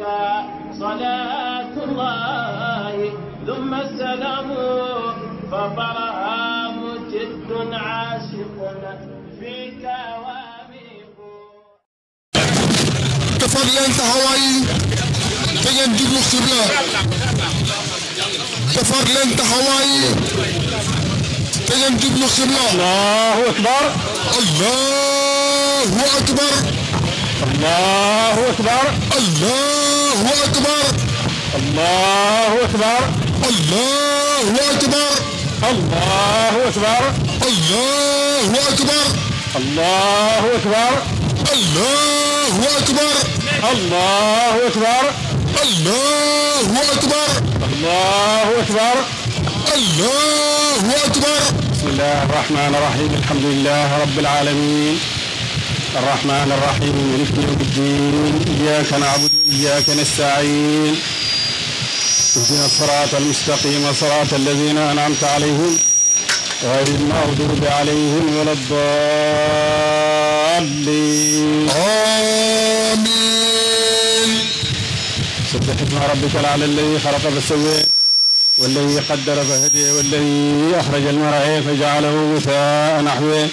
عليك صلاة الله ثم السلام فبرهام جد عاشق فيك واميق تفضل انت هواي تجد جبل تفضل انت هواي تجد جبل الله اكبر الله اكبر allahu akbar allahu akbar allahu akbar allahu akbar allahu akbar allahu akbar allahu akbar allahu akbar allahu akbar allahu akbar allahu akbar الله أكبر بسم الله الرحمن الرحيم الحمد لله رب العالمين الرحمن الرحيم مالك يوم الدين إياك نعبد وإياك نستعين اهدنا الصراط المستقيم صراط الذين أنعمت عليهم غير المغضوب عليهم ولا الضالين آمين سبح اسم ربك الأعلى الذي خلق فسوى والذي قدر فهدي والذي أخرج المرعى فجعله غثاء نحوه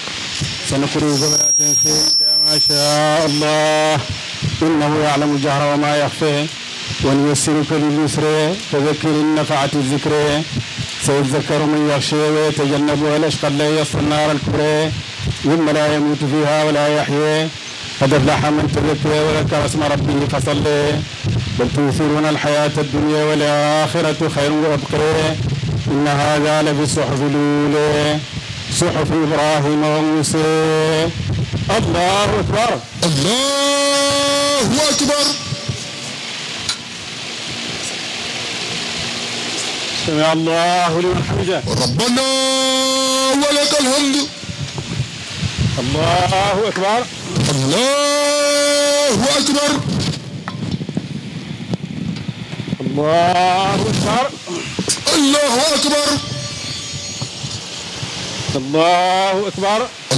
سنقرئك فلا تنسى ما شاء الله إنه يعلم الجهر وما يخفى ونيسرك لليسر فذكر إن نفعت الذكر سيذكر من يخشى ويتجنبها الأشقى الذي يصلى النار الكبرى ثم لا يموت فيها ولا يحيى قد أفلح من تزكى وذكر اسم ربه فصلى بل تؤثرون الحياة الدنيا والآخرة خير وأبقى إن هذا لفي الصحف الأولى صحف إبراهيم وموسى allahu akbar allahu akbar sami allahu liman hamida rabbana walaka alhamdu allahu akbar allahu akbar allahu akbar allahu akbar allahu akbar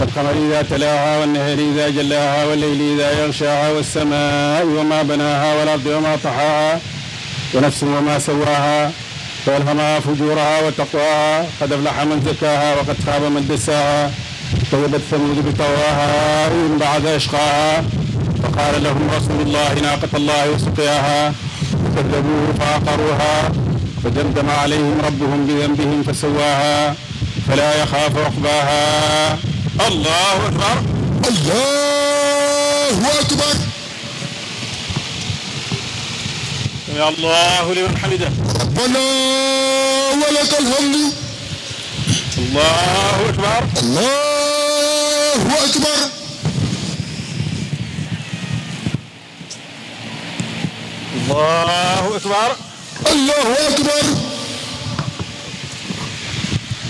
والقمر إذا تلاها والنهر إذا جلاها والليل إذا يغشاها والسماء وما بناها والأرض وما طحاها ونفس وما سواها فألهمها فجورها وتقواها قد أفلح من زكاها وقد خاب من دساها كذبت ثمود بطواها إن بعد أشقاها فقال لهم رسول الله ناقة الله وسقياها كذبوه فعقروها فدمدم عليهم ربهم بذنبهم فسواها فلا يخاف عقباها allahu akbar allahu akbar sami allahu liman hamidah rabbana walaka alhamdu allahu akbar allahu akbar allahu akbar allahu akbar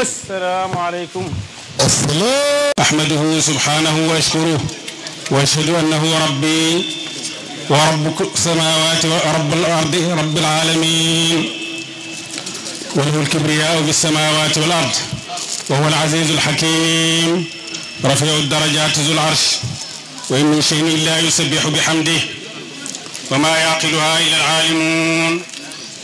السلام عليكم السلام أحمده سبحانه وأشكره وأشهد أنه ربي ورب السماوات ورب الأرض رب العالمين وله الكبرياء في السماوات والأرض وهو العزيز الحكيم رفيع الدرجات ذو العرش وإن من شيء إلا يسبح بحمده وما يعقلها إلا العالمون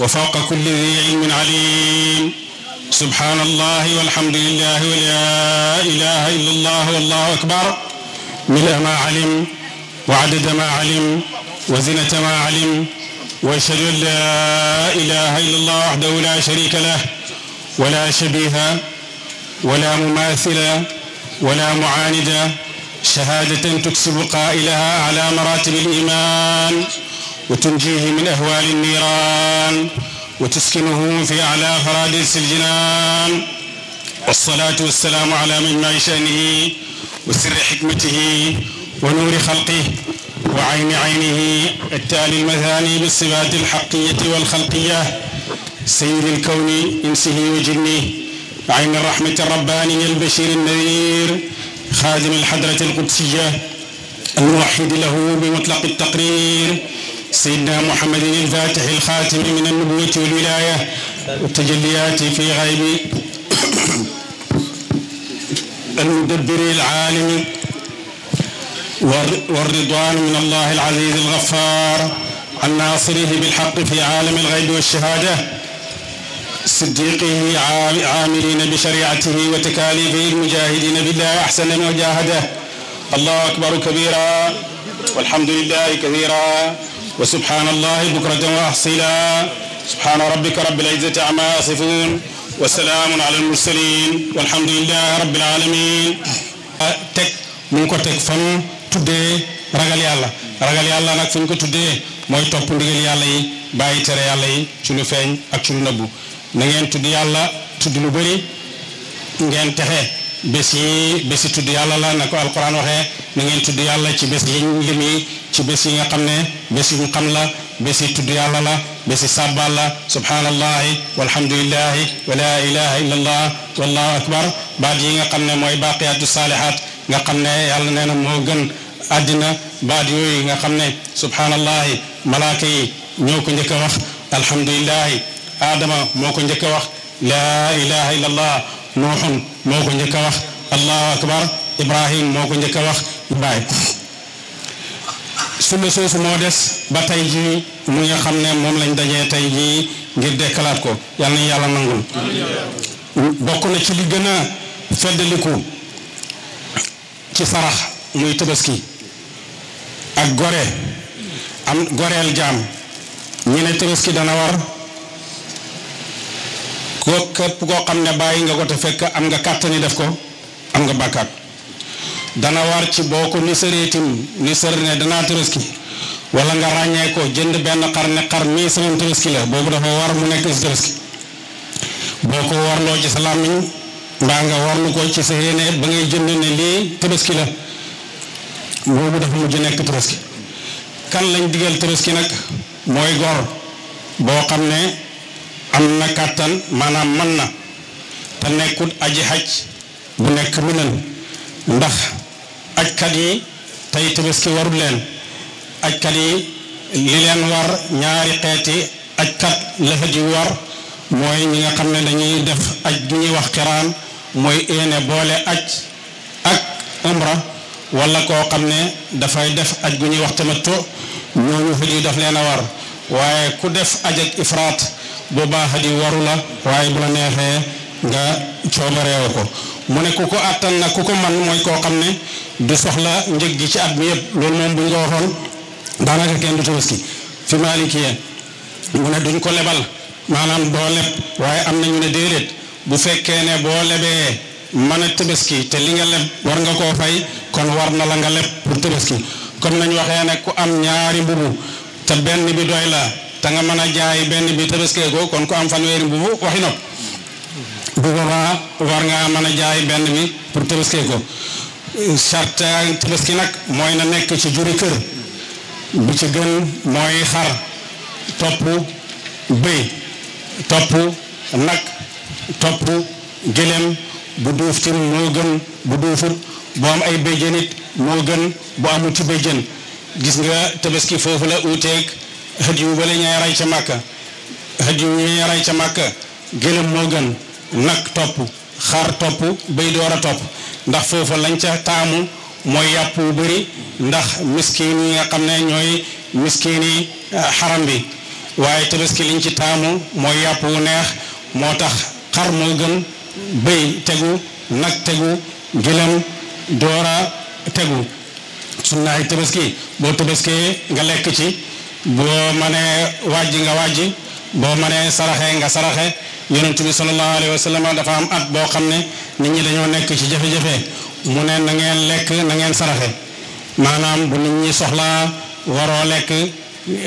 وفوق كل ذي علم عليم سبحان الله والحمد لله ولا إله إلا الله والله أكبر ملء ما علم وعدد ما علم وزنة ما علم وأشهد أن لا إله إلا الله وحده لا شريك له ولا شبيه ولا مماثل ولا معاند شهادة تكسب قائلها على مراتب الإيمان وتنجيه من أهوال النيران وتسكنه في أعلى فرادس الجنان والصلاة والسلام على مجمع شأنه وسر حكمته ونور خلقه وعين عينه التالي المثاني بالصفات الحقية والخلقية سيد الكون إنسه وجنه عين الرحمة الربانية البشير النذير خادم الحضرة القدسية الموحد له بمطلق التقرير سيدنا محمد الفاتح الخاتم من النبوة والولاية والتجليات في غيب المدبر العالم والرضوان من الله العزيز الغفار عن ناصره بالحق في عالم الغيب والشهادة صديقه عاملين بشريعته وتكاليفه المجاهدين بالله أحسن مجاهده الله أكبر كبيرا والحمد لله كثيرا wa subhaanallahi bukratan wa asila subhaana rabbika rabbil izzati amma yasifun wa salaamun ala al-mursalin walhamdulillahi rabbil alamin teg mu ngi ko teg fan tuddee ragal yàlla ragal yàlla nag fu ñu ko tuddee mooy topp ndigal yàlla yi bàyyi tere yàlla yi ci lu feeñ ak ci lu nëbbu na ngeen tudd yàlla tudd lu bëri ngeen texe bés yi bés yi tudd yàlla la na ko alquran waxee na ngeen tudd yàlla ci bés yi lim bés yi nga xam ne bés yu xam la bés yi tudd yàlla la bés yi sàbbal la subhanallahi walhamdulillahi wa la ilaha illa allah wallahu akbar baat yi nga xam ne mooy baqiyatu saalihat nga xam ne yàlla nee na moo gën àddina baat yooyu nga xam ne subhanallahi malaaka yi ñoo ko njëkk a wax alhamdulillahi aadama moo ko njëkk a wax la ilaha illa allah nooxan moo ko njëkk a wax allahu akbar ibrahim moo ko njëkk a wax ibrahim sunna soosu moo des ba tey jii mu nga xam ne moom lañ dajee tey jii ngir dekkalaat ko yal nañu yàlla nangul bokk na ci li gën a feddaliku ci sarax muy tabaski ak gore am goreel jaam ñi ne dana war koo képp koo xam ne bàyyi nga ko te fekk am nga kàttani def ko am nga bàkkaat dana war ci boo ko nisëree tim nisër ne danaa tëraski wala nga ràññee ko jënd benn xar ne xar mii sama tëraski la boobu dafa war mu nekk si tëraski boo ko warloo ci sa làmmiñ mbaa nga warlu ko ci sa yéene ba ngay jënd ne lii tëraski la boobu dafa mujj nekk tëraski kan lañ digal tëraski nag mooy gor boo xam ne am na kàttan maanaam man na te nekkul aji xaj bu nekk minan ndax ajkat yi tey tabaski warul leen ajkat yi li leen war ñaari xeeti ajkat la yu war mooy ñi nga xam ne dañuy def aj bu ñuy wax xiraan mooy éene boole aj ak umra wala koo xam ne dafay def aj bu ñuy wax tamattu ñooñu hëj daf leen a war waaye ku def aj ak ifraat boo baax a di waru la waaye bu la neexee nga coobareewu ko mu ne ku ko attan na ku ko man mooy koo xam ne du soxla njëg gi ci at mi yëpp loolu moom bu ñu ko waxoon daanaka kenn du tabaski fi maalikiya mu ne duñ ko lebal maanaam doo leb waaye am na ne déedéet bu fekkee ne boo lebee mën a tabaski te li nga leb war nga koo fay kon war na la nga leb pour tabaski kon nañu waxee ne ku am ñaari mbubu te benn bi doy la te nga mën a jaay benn bi tabaskee ko kon ku am fanweeri mbubu waxi nopp bu boobaa war nga mën a jaay benn bi pour tabaskee charte tabaski nag mooy na nekk ci juri kër bi ci gën mooy xar topp bëy topp nag topp gëlem bu duuf ci moo gën bu duufut bu am ay béjjën it moo gën bu amul ci gis nga tabaski foofu la uuteeg xaj yu bale ñay ray ca màkka xaj yu ca màkka gëlëm moo gën nag topp xar topp bay door a topp ndax foofa lañ ca taamu mooy yàpp wu bëri ndax miskin yi nga xam ne ñooy miskin yi ah, xaram bi waaye tabaski liñ ci taamu mooy yàpp wu neex moo tax xar moo gën bay tegu nag tegu gëlëm door a su sunnaay tabaski boo tabaskee nga lekk ci boo ne wàjji nga wàjji boo mënee saraxe nga saraxe yonent bi sallallahu alayhi wa sallam dafa am at boo xam ne nit ñi dañoo nekk ci jafe-jafe mu ne ngeen lekk na ngeen saraxe maanaam bu nit ñi soxlaa waroo lekk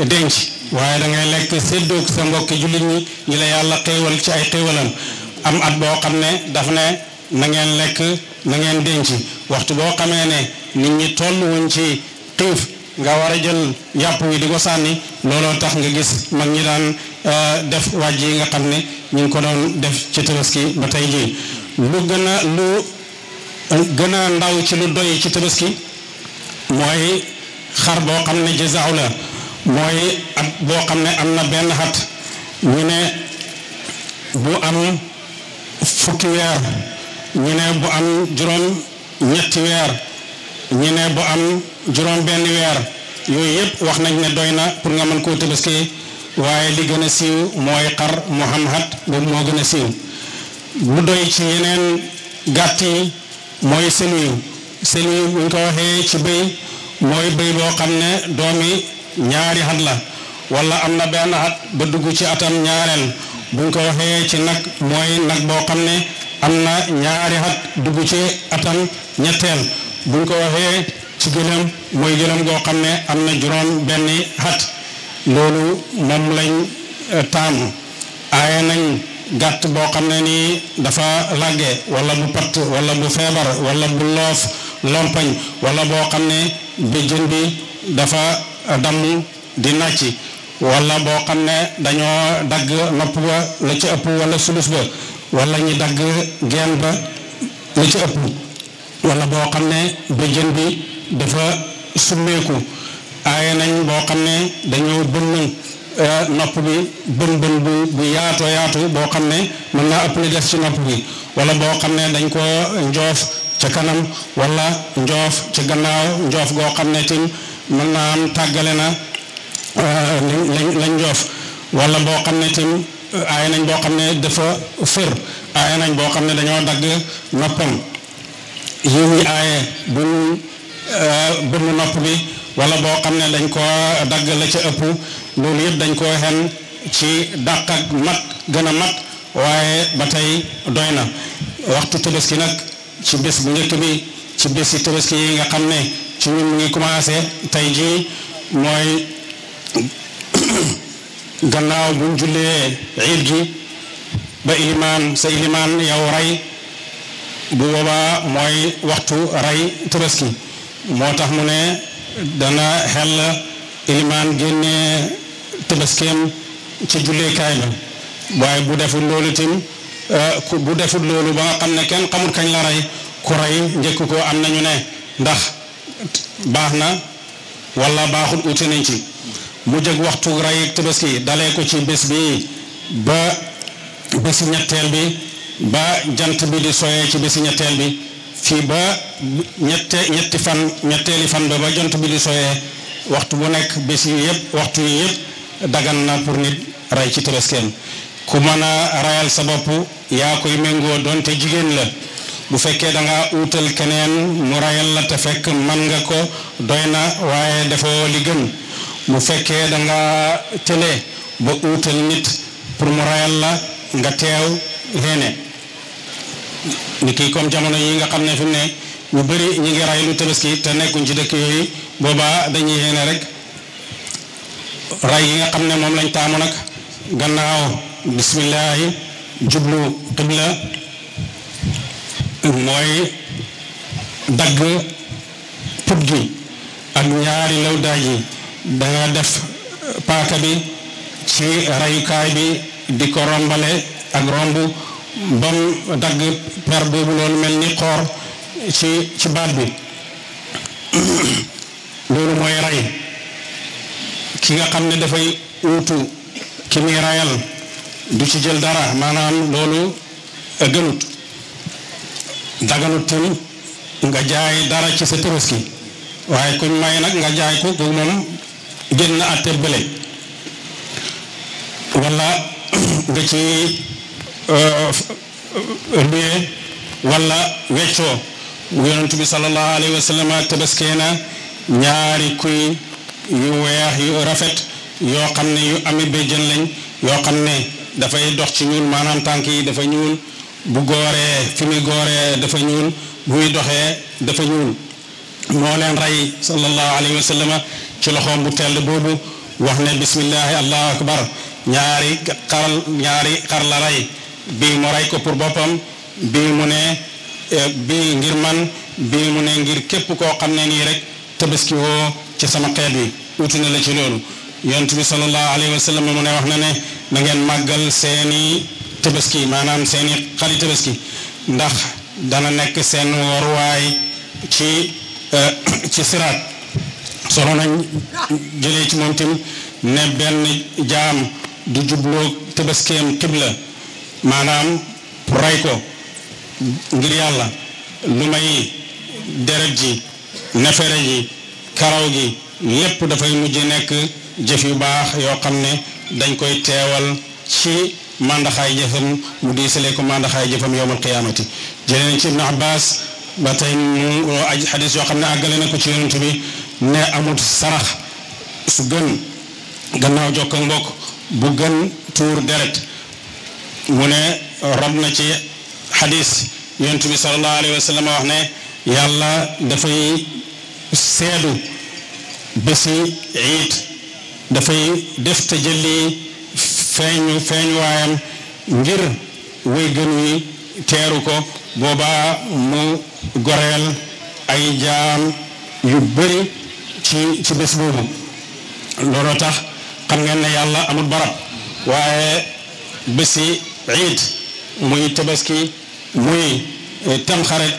denc waaye da ngay lekk séddoog sa mbokki jullit ñi ñi la yàlla xéewal ci ay xéewalam am at boo xam ne daf ne na ngeen lekk na ngeen denc waxtu boo xamee ne nit ñi toll wuñ ci xiif nga war a jël njàpp wi di ko sànni looloo tax nga gis man ñi daan euh, def wàjj yi nga xam ne ñu ngi ko doon def ci tabaski ba tey jii lu gën a lu ndaw ci lu doy ci tabaski mooy xar boo xam ne jazaaw la mooy boo xam ne am na benn xat ñu ne bu am fukki weer ñu ne bu am juróom ñetti weer ñu ne bu am juróom benn weer yooyu yëpp wax nañ ne doy na pour nga mën koo tabaski waaye li gën a siiw mooy xar moo xam xat boobu moo gën a siiw bu doy ci yeneen gàtt mooy seliw seliw buñ ñu ko waxee ci bëy mooy bëy boo xam ne doomi ñaari xat la wala am na benn xat ba dugg ci atam ñaareel buñ ñu ko waxee ci nag mooy nag boo xam ne am na ñaari xat dugg ci atam ñetteel buñ ko waxee ci gëlëm mooy gëlëm goo xam ne am na juróom benn xat loolu moom lañ e, taamu aaye nañ gàtt boo xam ne nii dafa làgge wala bu patt wala bu feebar walla bu loof lompañ wala boo xam ne béjjën bi dafa damm di nàcci wala boo xam ne dañoo dagg nopp ba la ci ëpp wala sulus ba wala ñi dagg geen ba la ci ëpp wala boo xam ne béjjën bi dafa summeeku aaye nañ boo xam ne dañoo bënn eh, nopp bi bën bën bu bu yaatu boo xam ne mën naa ëpp li def ci nopp bi wala boo xam ne dañ ko njoof ca kanam wala njoof ca gannaaw njoof goo xam ne tim mën naa am tàggale na eh, lañ njoof wala boo xam ne tim aaye nañ boo xam ne dafa nañ boo xam ne dañoo dagg noppam yi aaye bu euh, bu mu nopp bi wala boo xam ne dañ koo dagg la ci ëpp loolu yëpp dañ koo xen ci dàq ak mat gën a mat waaye ba tey doy na waxtu tabaski nag ci bés bu njëkk bi ci bési nga xam ne mu ngi commencé tey ji mooy gannaaw buñ jullee iid gi ba ilimaan sa ilimaan yow rey bu boobaa mooy waxtu rey tabaski moo tax mu ne dana xel ilimaan génnee tabaskeem ci julleekaay ba waaye bu deful loolu euh, bu deful loolu ba nga xam ne kenn xamul kañ la rey ku rey njëkk ko am nañu ne ndax baax na wala baaxul uti nañ ci mu jëg waxtu rey tabaski dalee ko ci bés bi ba bési ñetteel bi ba jant bi di soyee ci bési ñetteel bi fii ba ñette ñetti fan ñetteeli ba jant bi di soyee waxtu bu nekk bés yi yëpp waxtu yi yëpp dagan na pour nit ray ci tërëskeem ku mën a rayal sa bopp yaa koy méngoo donte jigéen la bu fekkee da nga uutal keneen mu rayal la te fekk man nga ko doy na waaye defoo li gën bu fekkee da nga tële ba uutal nit pour mu rayal la nga teew reene ni kii comme jamono yi nga xam ne fi mu ne ñu bari ñu ngi ray lu tabaski te nekkuñ ci dëkk yooyu boobaa dañuy yéene rek ray yi nga xam ne moom lañ taamu nag gannaaw bismillahi jublu xibla mooy dagg put gi ak ñaari lawdaay yi danga def paata bi ci rayukaay bi di ko rombale ak romb ba mu dagg per boobu noonu mel ni xoor ci ci baat bi loolu mooy ray ki nga xam ne dafay uutu ki muy rayal du ci jël dara maanaam loolu gënut daganut tam nga jaay dara ci sa tabaski waaye kuñ may nag nga jaay ko kooku noonu génn àtte bële walla nga ci luye euh, walla weccoo yonent bi sallallahu alayhi wa sallam na ñaari kuy yu weex yu rafet yoo xam ne yu amee béjjën lañ yoo xam ne dafay dox ci ñuul maanaam tànk yi dafa ñuul bu gooree fi muy dafa ñuul bu muy doxee dafa ñuul moo leen rey sallallahu alayhi wa ci loxoom bu tell boobu wax ne bismillahi allahu akbar ñaari xar bii mu rey ko pour boppam bii mu ne e, bii ngir man bii mu ne ngir képp koo xam ne nii rek tabaski woo ci sama xeet bi uti na la ci loolu yonent bi sallallahu alayhi wa sallam wax na ne na ngeen màggal seeni tabaski maanaam seeni xari tabaski ndax dana nekk seen waruwaay ci e, ci siraat solo nañ jëlee ci moom tim ne benn jaam du jubloo tabaskeem xibla maanaam rey ko ngir yàlla lu may deret ji nefere ji karaw gi lépp dafay mujj nekk jëf yu baax yoo xam ne dañ koy teewal ci màndaxaay jëfam mu diisale ko màndaxaay jëfam yowmal qiyaamati jëlee nañ ci ibnu abbas ba tey mu aj yoo xam ne àggale na ko ci yonent bi ne amut sarax su gën gannaaw jokk mbokk bu gën tuur deret mu ne na ci xadis yonent bi sallallahu alayhi wax ne yàlla dafay seedu bési iid dafay def tajalli feeñu feeñu waayam ngir way teeru ko boobaa mu goreel ay yu bëri ci bés boobu looloo tax xam ngeen ne yàlla amul barab waaye bési iid muy tabaski muy eh, tamxarit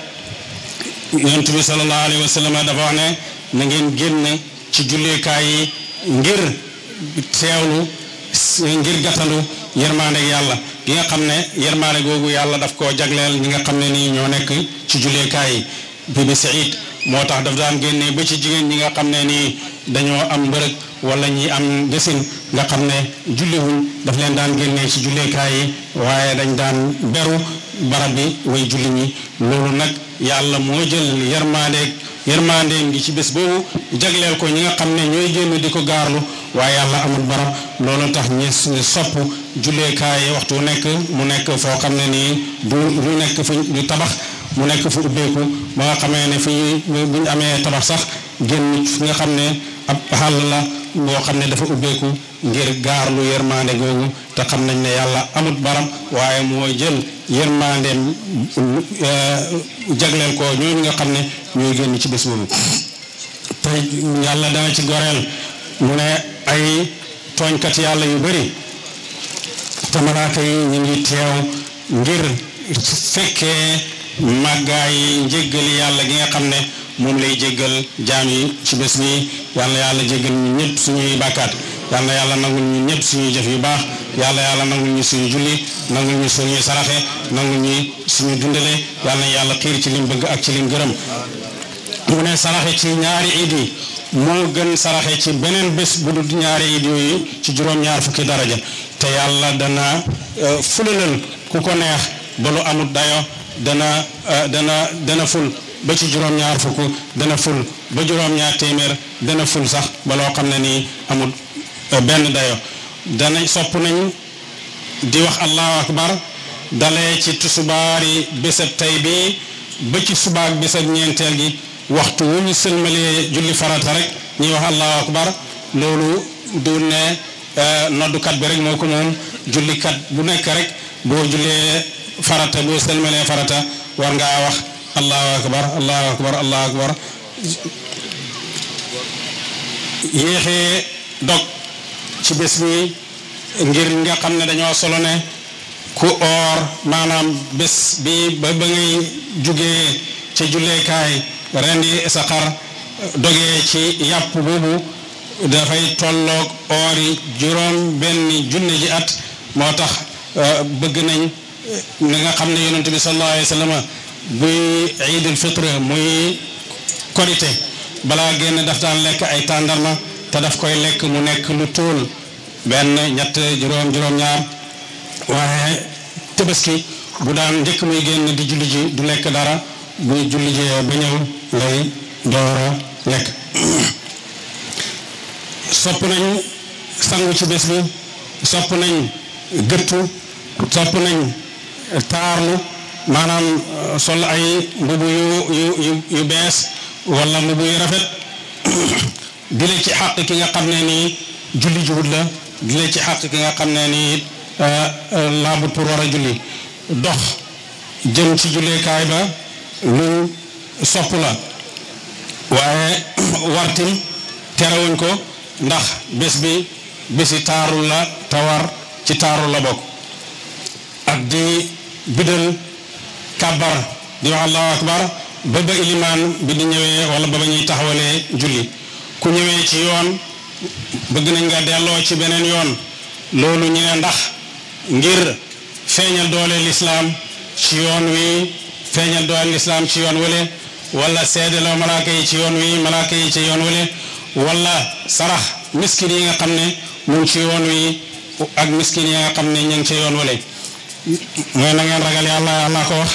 yonent bi sallallahu alayhi wa dafa ne na ngeen génn ci julleekaay yi ngir teewlu ngir gàttandu yërmaande yàlla gi nga xam ne yërmaande googu yàlla daf koo jagleel ñi nga xam ne nii ñoo nekk ci julleekaay yi bi bi moo tax daf daan génne ba ci jigéen ñi nga xam ne nii dañoo am mbërëg wala ñi am desin nga xam ne julliwuñ daf leen daan génnee ci julleekaay yi waaye dañ daan beru barab bi way julli ñi loolu nag yàlla moo jël yermandeeg yermandeem ngi ci bés boobu jagleel ko ñi nga xam ne ñu génn di ko gaarlu waaye yàlla amul barab loolu tax ñi sopp julleekaay yi waxtu nekk mu nekk foo xam ne nii du nekk fu ñu tabax mu nekk fu ubbeeku ba nga xamee ne fi ñuy ñu amee tabax sax génn nga xam ne ab la boo xam ne dafa ubbeeku ngir gaar lu googu te xam nañ ne yàlla amut baram waaye moo jël yërmandeem eh, jagleel ko ñooñu nga xam ne ñooy génn ci bés boobu yàlla dana ci goreel mu ne ay tooñkat yàlla yu bari te malaaka yi ñu ngi teew ngir fekkee màggaay njéggali yàlla gi nga xam ne moom lay jéggal jaam yi ci bés bi yàlla yàlla jéggal ñu ñëpp suñuy bàkkaat yàlla yàlla nangu ñu ñëpp suñuy jëf yu baax yàlla yàlla nangu ñu suñu julli nangul ñu suñuy saraxe nangul ñu suñu dundale yàlla yàlla xiir ci lim bëgg ak ci lim gërëm mu ne saraxe ci ñaari iid moo gën saraxe ci beneen bés bu dul ñaari iid yooyu ci juróom-ñaar fukki daraja te yàlla dana euh, fulalal ku ko neex ba lu amut dayo dana euh, dana dana ful ba ci juróom-ñaar fukk dana ful ba juróom-ñaar téeméer dana ful sax ba loo xam ne nii amul euh, benn dayo dana sopp nañ di wax allahu akbar dalee ci tusubaari bésab tey bi ba ci subaak bésab ñeenteel gi waxtu wu ñu sëlmalee julli farata rek ñuy wax allahu akbar loolu du ne euh, noddukat bi rek moo ko moom jullikat bu nekk rek boo jullee farata boo sëlmalee farata war ngaa wax allahu akbar allahu akbar allahu akbar dog ci bés bi ngir nga xam ne dañoo solo ne ku oor maanaam bés bi ba ba ngay jugee ci julleekaay rendi sa xar dogee ci yàpp boobu dafay tolloog oori juróom benn junne ji at moo tax euh, bëgg nañ li euh, nga xam ne yonent bi sallallahu alayhi wa sallam buy iidul fitre muy korite balaa génn daf daan lekk ay tàndarma te daf koy lekk mu nekk lu tuul benn ñett juróom juróom ñaar waaye tabaski bu daan njëkk muy génn di julli ji du lekk dara buy julli ji ba ñëw lay doora lekk sopp nañ sangu ci bés bi sopp nañ gëttu sopp nañ taarlu maanaam euh, sol ay mbubu yu yu yu bees wala mbubu yu rafet di ci xàq ki nga xam ne nii julli jugut la di ci xàq ki nga xam ne ni laabut euh, euh, pour war a julli dox jëm ci julleekaay ba lu sopp la waaye wartim terewuñ ko ndax bés bi bési taaru la tawar ci taaru la bokk ak di kàbbar di wax allahu akbar ba ba ilimaan bi di ñëwee walla ba ba ñuy taxawalee julli ku ñëwee ci yoon bëgg nañ nga delloo ci beneen yoon loolu ñu ne ndax ngir feeñal doole lislaam ci yoon wi feeñal doole lislaam ci yoon wële wala seedeloo malaaka yi ci yoon wi malaaka yi ci yoon wële walla sarax miskin yi nga xam ne mu ngi ci yoon wi ak miskin yi nga xam ne ñu ngi ci yoon wële mooy na ngeen ragal yàlla yàlla ko wax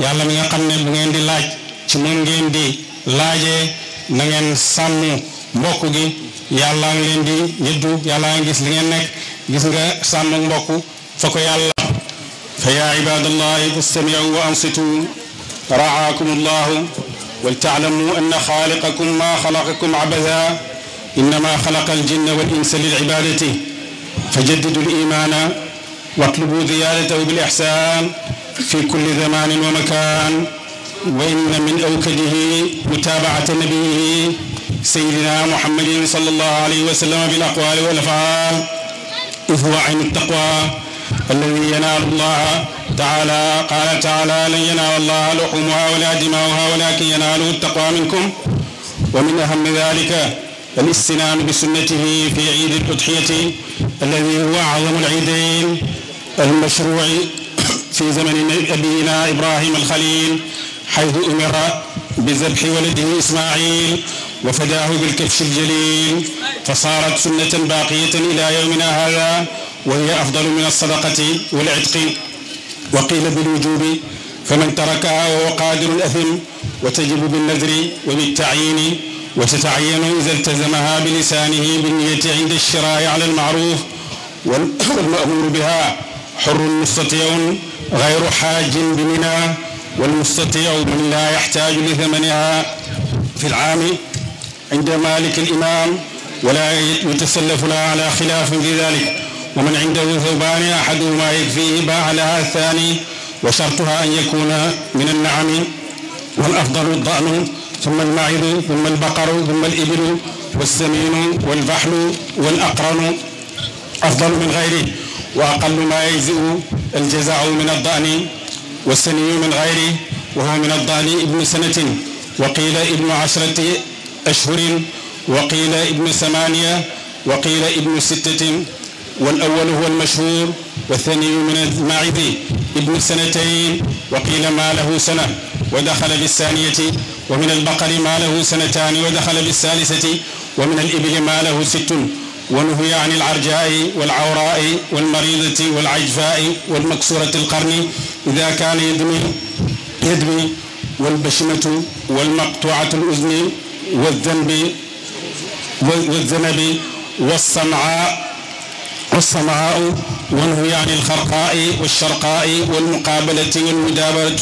yàlla mi nga xam ne bu ngeen di laaj ci moom ngeen di laajee na ngeen sàmm mbokk gi yàlla ngi leen di yëddu yàlla ngi gis li ngeen nekk gis nga sàmm mbokk fa ko yàlla fa yaa ibadallahi istami'u wa ansitu ra'aakum allahu wal ta'lamu anna xaaliqakum ma xalaqakum abada innama xalaqa aljinna wal insa lil ibadati fajaddidu al imana watlubu ziyadatahu bil ihsan في كل زمان ومكان وإن من أوكده متابعة نبيه سيدنا محمد صلى الله عليه وسلم بالأقوال والأفعال إذ هو عين التقوى الذي ينال الله تعالى قال تعالى لن ينال الله لحومها ولا دماؤها ولكن يناله التقوى منكم ومن أهم ذلك الاستنان بسنته في عيد الأضحية الذي هو أعظم العيدين المشروع في زمن نبينا إبراهيم الخليل حيث أمر بذبح ولده إسماعيل وفداه بالكبش الجليل فصارت سنة باقية إلى يومنا هذا وهي أفضل من الصدقة والعتق وقيل بالوجوب فمن تركها وهو قادر أثم وتجب بالنذر وبالتعيين وتتعين إذا التزمها بلسانه بالنية عند الشراء على المعروف والمأمور بها حر نصة يوم غير حاج بمنى والمستطيع من لا يحتاج لثمنها في العام عند مالك الإمام ولا يتسلف لها على خلاف في ذلك ومن عنده ثوبان أحدهما يكفيه باع لها الثاني وشرطها أن يكون من النعم والأفضل الضأن ثم المعز ثم البقر ثم الإبل والسمين والبحل والأقرن أفضل من غيره وأقل ما يجزئ الجزاء من الضأن والسني من غيره وهو من الضأن ابن سنة وقيل ابن عشرة أشهر وقيل ابن ثمانية وقيل ابن ستة والأول هو المشهور والثاني من الماعز ابن سنتين وقيل ما له سنة ودخل بالثانية ومن البقر ما له سنتان ودخل بالثالثة ومن الإبل ما له ست ونهي عن العرجاء والعوراء والمريضة والعجفاء والمكسورة القرن إذا كان يدمي يدمي والبشمة والمقطوعة الأذن والذنب والذنب والصمعاء والصمعاء ونهي عن الخرقاء والشرقاء والمقابلة والمدابرة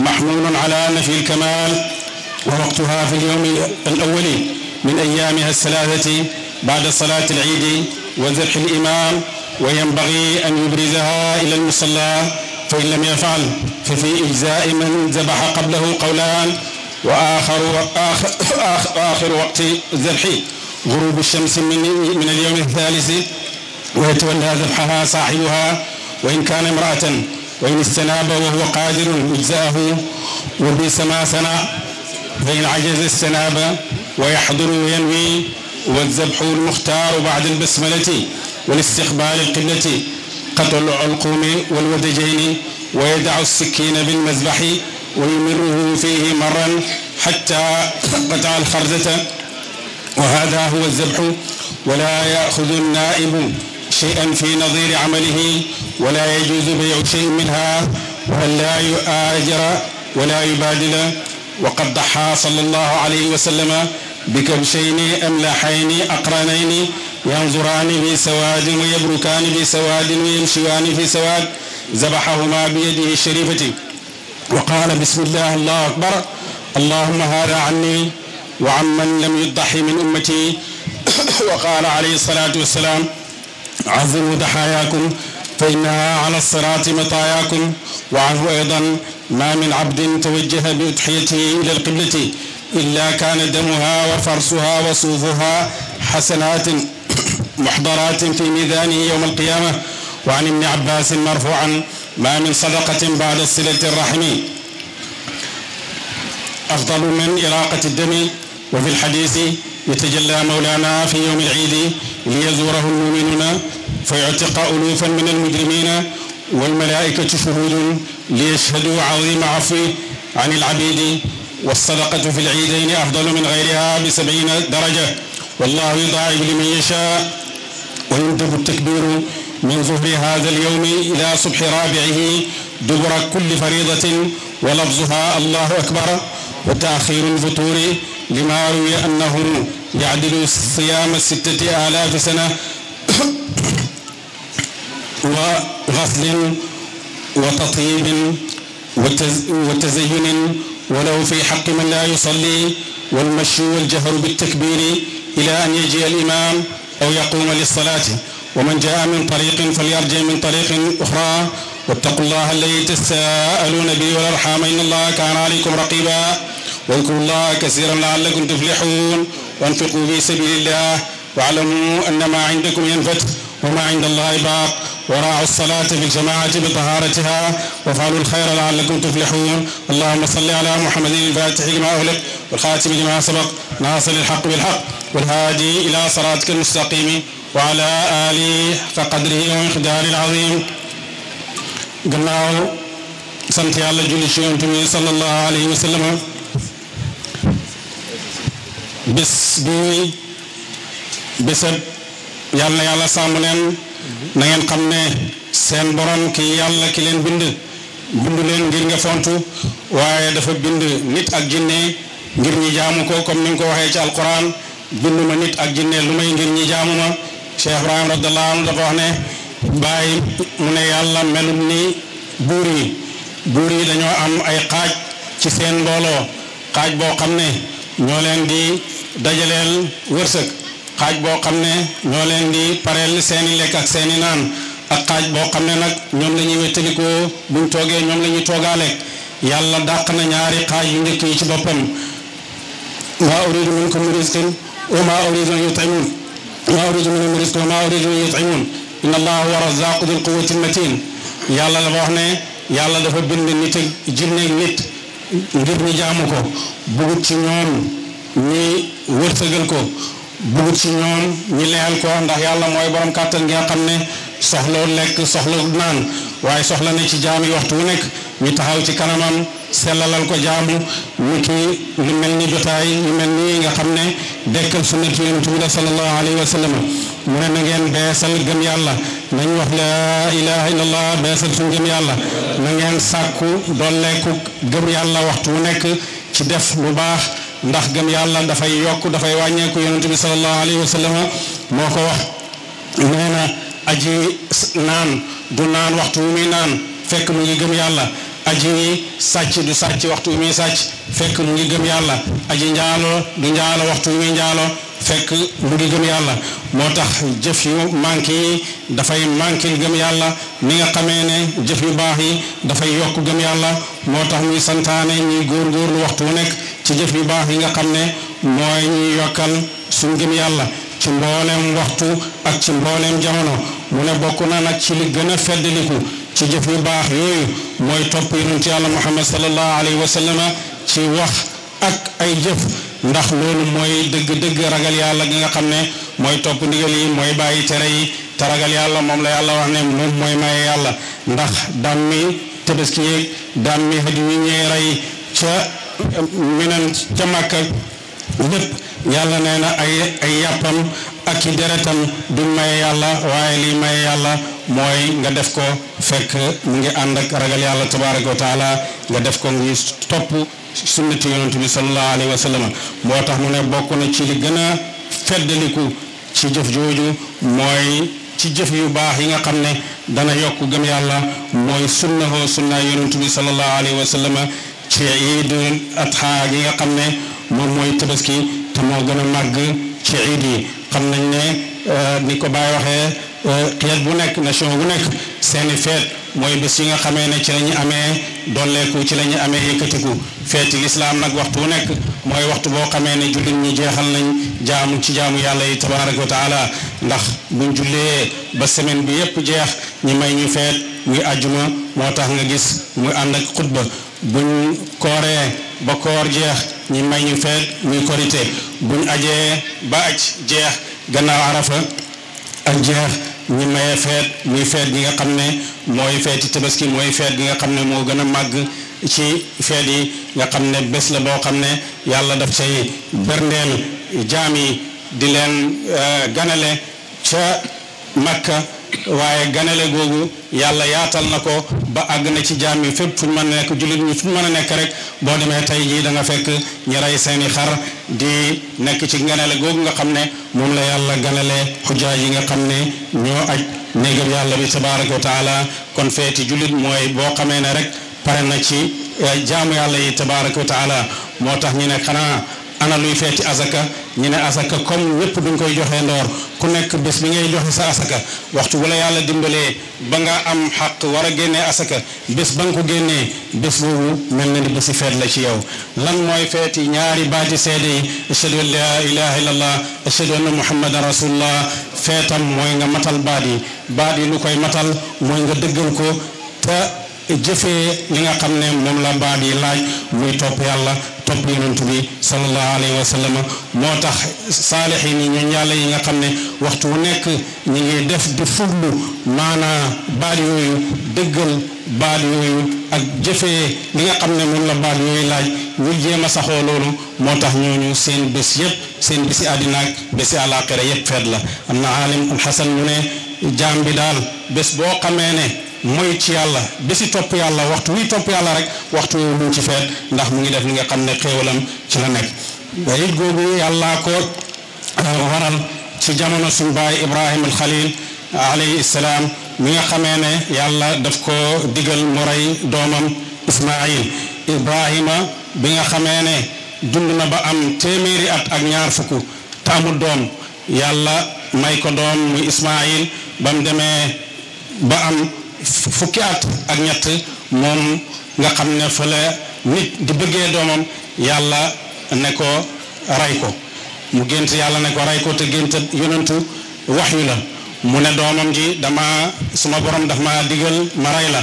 محمول على نفي الكمال ووقتها في اليوم الأول من أيامها الثلاثة بعد صلاة العيد وذبح الإمام وينبغي أن يبرزها إلى المصلى فإن لم يفعل ففي إجزاء من ذبح قبله قولان وآخر وآخر آخر, آخر وقت الذبح غروب الشمس من من اليوم الثالث ويتولى ذبحها صاحبها وإن كان امرأة وإن استناب وهو قادر إجزاءه وبئس ما صنع فإن عجز استناب ويحضر وينوي والذبح المختار بعد البسملة والاستقبال القبلة قطع العلقوم والودجين ويدع السكين بالمذبح ويمره فيه مرا حتى قطع الخردة وهذا هو الذبح ولا يأخذ النائب شيئا في نظير عمله ولا يجوز بيع شيء منها ولا يؤاجر ولا يبادل وقد ضحى صلى الله عليه وسلم بكبشين أملحين أقرنين ينظران في سواد ويبركان في سواد ويمشيان في سواد ذبحهما بيده الشريفة وقال بسم الله الله أكبر اللهم هذا عني وعمن لم يضحي من أمتي وقال عليه الصلاة والسلام عظموا ضحاياكم فإنها على الصراط مطاياكم وعنه أيضا ما من عبد توجه بأضحيته إلى القبلة illaa kaana damuha wa farsuha wa suufuha xasanaatin muxdaraatin fi miizaanihi yawma alqiyaama wa an ibni abbaasin marfuucan maa min sadaqatin bacda silati rahimi afdalu min iraaqati dami wa fi lxadiisi yatajallaa mawlaanaa fi yawmi alciidi liyazuurahu almuuminuuna fa yuctiqa uluufan min almujrimiina والملائكة شهود ليشهدوا عظيم عفوه عن العبيد والصدقة في العيدين أفضل من غيرها بسبعين درجة والله يضاعف لمن يشاء ويندب التكبير من ظهر هذا اليوم إلى صبح رابعه دبر كل فريضة ولفظها الله أكبر وتأخير الفطور لما روي أنه يعدل صيام ستة آلاف سنة وغسل وتطيب وتزين walaw fi xaqi man laa yusalli walmashu waljaharu biltakbiri ila an yajiya alimam aw yaquuma lilsalaati wa man jaa min tariqin falyarji min tariqin uxra wattaqu llah alladi tasaaluuna bihi walarxam in allaha kaana alaykum raqiba wadkuru llaha kasiran laallakum tuflixuun wanfiquu fi sabilillah waalamu anna ma indakum yanfat wa ma inda allahi baaq وراعوا الصلاة بالجماعة بطهارتها وفعلوا الخير لعلكم تفلحون اللهم صل على محمد الفاتح لما أغلق والخاتم لما سبق ناصر الحق بالحق والهادي إلى صراطك المستقيم وعلى آله فقدره ومقداره العظيم gannaaw sant yàlla julli ci yonent bi sallallahu alayhi wa sallam bés bi bésab yàlla yàlla sàmm leen na ngeen xam ne seen borom ki yàlla ki leen bind bind leen ngir nga fontu waaye dafa bind nit ak jinne ngir ñi jaamu ko comme ni nga ko waxee ci alquran bind ma nit ak jinne lu may ngir ñi jaamu ma Cheikh Ibrahim radiyallahu anhu dafa wax ne bàyyi mu ne yàlla melum ni buur yi buur yi dañoo am ay xaaj ci seen mbooloo xaaj boo xam ne ñoo leen di dajaleel wërsëg xaaj boo xam ne ñoo leen di pareel seeni lekk ak seeni naan ak xaaj boo xam ne nag ñoom la ñuy wéttalikoo buñ toogee ñoom la ñuy toogaale yàlla dàq na ñaari xaaj yu njëkk ci boppam ma uridu minkum rizqin wa ma uridu an yut'imun ma uridu minkum rizqin wa ma uridu an yàlla la wax ne yàlla dafa bind nit ak jinne nit ngir ñu jaamu ko bugut ci ñoom ñi wërsëgal ko bugut ci ñoom ñi leyal ko ndax yàlla mooy borom kàttan gi nga xam ne soxla lekk soxla naan waaye soxla na ci jaam yi waxtu wu nekk ñu taxaw ci kanamam sellalal ko jaamu ñu ki lu mel ni jotaay yu mel nii nga xam ne dekkal sunnat yonent bi sallallahu alayhi wa sallam mu ne na ngeen beesal gëm yàlla nañ wax laa ilaha illallah beesal suñ gëm yàlla na ngeen sàkku dooleeku gëm yàlla waxtu wu nekk ci def lu baax ndax gëm yàlla dafay yokk dafay wàññeeku yonent bi sallallahu alayhi wa sallam moo ko wax nee na aji naan du naan waxtu wu naan fekk mu ngi gëm yàlla aji sàcc du sàcc waxtu wu sàcc fekk mu ngi gëm yàlla aji njaalo du njaalo waxtu wu muy fekk mu ngi gëm yàlla moo tax jëf yu manqué yi dafay manqué gëm yàlla ni nga xamee ne jëf yu baax yi dafay yokk gëm yàlla moo tax muy santaane ñuy góorgóorlu waxtu wu nekk ci jëf yu baax yi nga xam ne mooy ñuy yokkal suñ gëm yàlla ci mboolem waxtu ak ci mboolem jamono mu ne bokk na nag ci li gën a ci jëf yu baax yooyu mooy topp yonent yàlla muhammad sallallahu alayhi wa sallam ci wax ak ay jëf ndax loolu mooy dëgg-dëgg ragal yàlla gi nga xam ne mooy topp ndigal yi mooy bàyyi tere yi te ragal yàlla moom la yàlla wax ne moom mooy maye yàlla ndax daan mi tabaski yeeg daan mi xaj wi ñee rey ca minan ca màkka lépp yàlla nee na ay ay yàppam ak i deretam duñ maye yàlla waaye liy maye yàlla mooy nga def ko fekk mu ngi ànd ak ragal yàlla tabaraka wa nga def ko ngi topp sunnati yonent bi sallallahu alayhi wa sallam moo tax mu ne bokk na ci li gën a feddaliku ci jëf jooju mooy ci jëf yu baax yi nga xam ne dana yokk gëm yàlla mooy sunnahoo sunna yonent bi sallallahu alayhi wa sallam ci iidul adha yi nga xam ne moom mooy tabaski te moo gën a màgg ci iid yi xam nañ ne euh, ni ko Baay waxee euh, xeet bu nekk nation bu nekk seeni feet mooy bés yi nga xamee ne ci lañu amee dolleeku ci la amee yëkkatiku feeti lislaam nag waxtu wu nekk mooy waxtu boo xamee ne jullit ñi jeexal nañ jaamu ci jaamu yàlla yi tabaraka wa taala ndax buñ jullee ba semaine bi yépp jeex ñi may ñu feet muy àjjuma moo tax nga gis mu ànd ak xutba buñ kooree ba koor jeex ñi may ñu feet muy korite buñ ajee ba aj jeex gannaaw arafa ak jeex ñu maye feet muy feet gi nga xam ne mooy feeti tabaski mooy feet gi nga xam ne moo gën a màgg ci feet yi nga xam ne bés la boo xam ne yàlla daf say berndeel jaam di leen euh, ganale ca Makka waaye ganale googu yàlla yaatal na ko ba àgg na ci jaam yi fépp fu ñu mën a nekk julit ñi fu ñu mën a nekk rek boo demee tey jii danga fekk ñi rey seeni xar di nekk ci ganale googu nga xam ne moom la yàlla ganale xujjaaj yi nga xam ne ñoo aj néegam yàlla bi tabaraka wa taala kon feeti jullit mooy boo xamee ne rek pare na ci eh, jaamu yàlla yi tabaraka wa moo tax ñu ne xanaa ana feeti azaka ñu ne asaka comme ñëpp duñ koy joxe ndoor ku nekk bés bi ngay joxe sa asaka waxtu wala yàlla dimbalee ba nga am xaq war a génne asaka bés ba nga ko génnee bés boobu mel na ni bési feet la ci yow lan mooy feet yi ñaari baati seede yi ashhadu an laa ilaha illallah ashhadu anna muhammadan rasulullah feetam mooy nga matal baat yi baat yi lu koy matal mooy nga dëggal ko te jëfee li nga xam ne moom la baat yi laaj muy topp yàlla topp yonent bi sallallahu alayhi wa sallam moo tax saalixiin yi ñun yàlla yi nga xam ne waxtu wu nekk ñu ngi def di fuglu maanaa baat yooyu dëggal baat yooyu ak jëfee li nga xam ne moom la baat yooyu laaj ñu jéem a saxoo loolu moo tax ñu seen bés yëpp seen bési àddina ak bési àllaaxira yëpp feet la am na mu ne jaam daal bés boo xamee ne moy ci yàlla di si topp yàlla waxtu wi topp yàlla rek waxtu wi mu ndax mu ngi def li nga xam ne xéewalam ci la nekk waaye it googu yàllaa ko euh, waral ci jamono suñu baay Ibrahima al salaam mi nga xamee ne yàlla daf ko digal mu rey doomam Ismaayil Ibrahima bi nga xamee ne dund na ba am téeméeri at ak ñaar fukk te doom yàlla may ko doom muy Ismaayil demee ba am. fukki at ak ñett moom nga xam ne fa la nit di bëggee doomam yàlla ne ko rey ko mu gént yàlla ne ko ray ko te gént yonentu wax yu la mu ne doomam ji dama suma borom daf ma digal ma rey la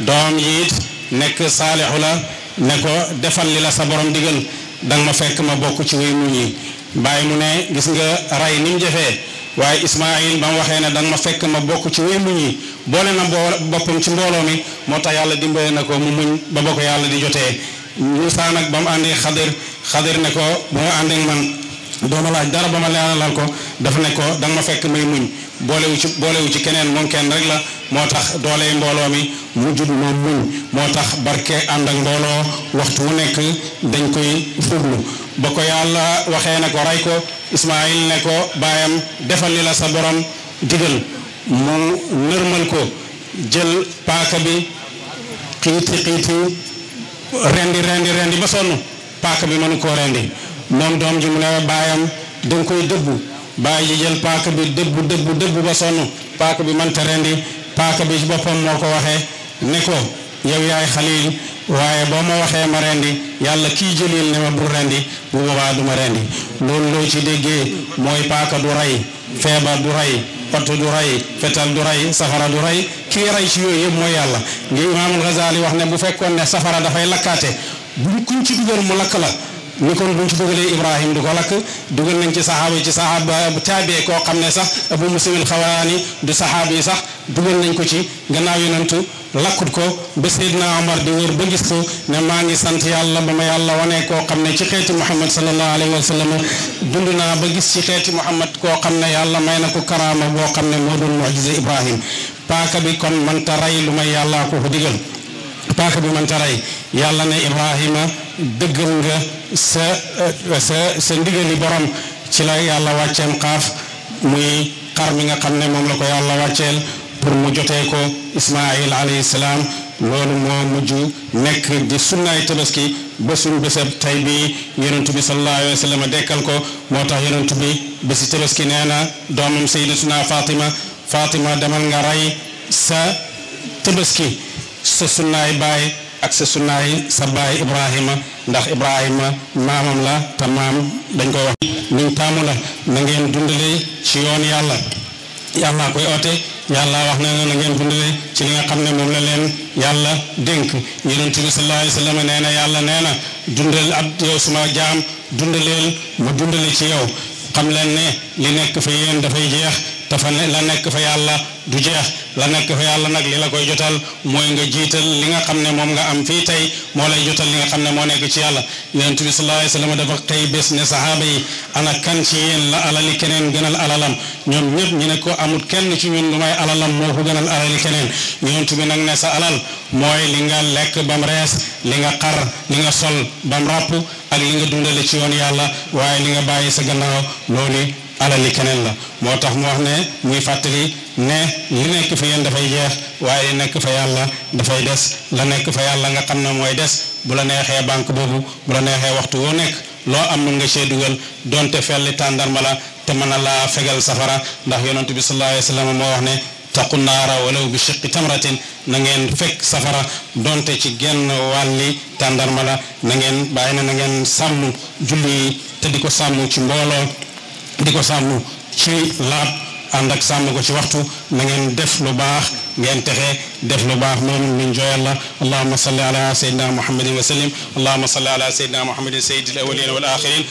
doom ji nekk saalixu la ne ko defal li la sa borom digal danga ma fekk ma bokk ci way muñ yi bàyyi mu ne gis nga ray ni mu jafee waaye Ismaayil ba mu waxee ne danga ma fekk ma bokk ci way muñ yi boole na boo boppam ci mbooloo mi moo tax yàlla dimbale na ko mu muñ ba ba ko yàlla di jotee Muusaa nag ba mu àndee xadir xadir ne ko ba ma àndee man dooma laaj dara ba ma leeralal ko dafa ne ko danga ma fekk may muñ boolewu ci boolewu ci keneen moom kenn rek la moo tax doole mbooloo mi mu jur moom muñ moo tax barke ànd ak mbooloo waxtu mu nekk dañ koy fuglu ba ko yàlla waxee ne ko rey ko Ismaayil ne ko baayam defal li la sa borom digal mu nërmal ko jël paaka bi xiiti xiiti rendi rendi rendi ba sonn paaka bi mënu koo rendi moom doom ji mu ne baayam dang koy dëbbu baay ji jël paaka bi dëbbu dëbbu dëbbu ba sonn paaka bi mënta rendi paaka bi ci boppam moo ko waxee ne ko yow yaay xaliil waaye boo ma waxee ma rendi yàlla kii jëlil ne ma bu rendi bu boobaa du ma rendi loolu loo ci déggee mooy paaka du rey feebar du rey patu du rey fetal du rey safara du rey kii rey ci yooyu yëpp mooy yàlla ngi imaamul Ghazali wax ne bu fekkoon ne safara dafay lakkaate buñ kuñ ci dugal mu lakk la ni kon buñ ci dugalee Ibrahim du ko lakk dugal nañ ci saxaaba yi ci saxaaba taabee koo xam ne sax abu muslimil xawaani du saxaaba yi sax dugal nañ ko ci gannaaw yonentu lakkut ko ba Seydina Omar di wër ba gis ko ne maa ngi sant yàlla ba ma yàlla wane koo xam ne ci xeeti Muhammad sallallahu alayhi wa sallam dund naa ba gis ci xeeti Muhammad koo xam ne yàlla may na ko karaama boo xam ne moo doon mucjise Ibrahim paaka bi kon mënta rey lu may yàllaa ko ko bi mënta rey dëggal nga sa eh, sa sa ndigali borom ci la yàlla wàcceem xaaf muy xar mi nga xam ne moom la ko yàlla wàcceel pour mu jotee ko Ismaayil alayhi salaam loolu moo ju nekk di sunnaay tabaski ba suñu bésab tey bi yonent bi sallallahu alayhi wa sallam dekkal ko moo tax yonent bi bési tabaski nee na doomam sayyidatuna Fatima Fatima demal nga ray sa tabaski sa sunnaay baay ak sa sunnaay sa baay Ibrahima ndax Ibrahima maamam la te maam dañ koy wax luñ taamu la na ngeen dundale ci yoon yàlla yàllaa koy oote yàlla wax na ne na ngeen dundale ci li nga xam ne moom la leen yàlla dénk yonent bi sallallahu alayhi nee na yàlla nee na dundal ab yow suma jaam dundaleel ma dundale ci yow xam leen ne li nekk fa yéen dafay jeex te fa la nekk fa yàlla du jeex la nekk fa yàlla nag li la koy jotal mooy nga jiital li nga xam ne moom nga am fii tey moo lay jotal li nga xam ne moo nekk ci yàlla yonent bi sallallahu alayhi wa sallam dafa tey bés ne sahaaba yi ana kan ci yéen la alali keneen gënal alalam ñoom ñëpp ñu ne ko amul kenn ci ñun lu may alalam moo ko gënal alali keneen yonent bi nag ne sa alal mooy li nga lekk bam rees li nga xar li nga sol bam ràpp ak li nga dundale ci yoon yàlla waaye li nga bàyyi sa gannaaw loolu alali keneen la moo tax mu wax ne muy fàttali ne li nekk fi yéen dafay jeex waaye li nekk fa yàlla dafay des la nekk fa yàlla nga xam ne mooy des bu la neexee banque boobu bu la neexee waxtu woo nekk loo am mun nga cee dugal donte felli tàndarma la te mën na laa fegal safara ndax yonent bi sallallahu alayhi wa sallam moo ne taqu naara walaw bi shiqqi tamratin na ngeen fekk safara donte ci genn wàlli tàndarma la na bàyyi na na sàmm julli yi te di ko sàmm ci mbooloo di ko sàmm ci laab ànd ak sàmm ko ci waxtu na ngeen def lu baax ngeen texe def lu baax moom min jooyal la allahuma salli ala sayidina muhammadin wa sallim allahuma salli ala sayidina muhammadin sayidil awalin wal axirin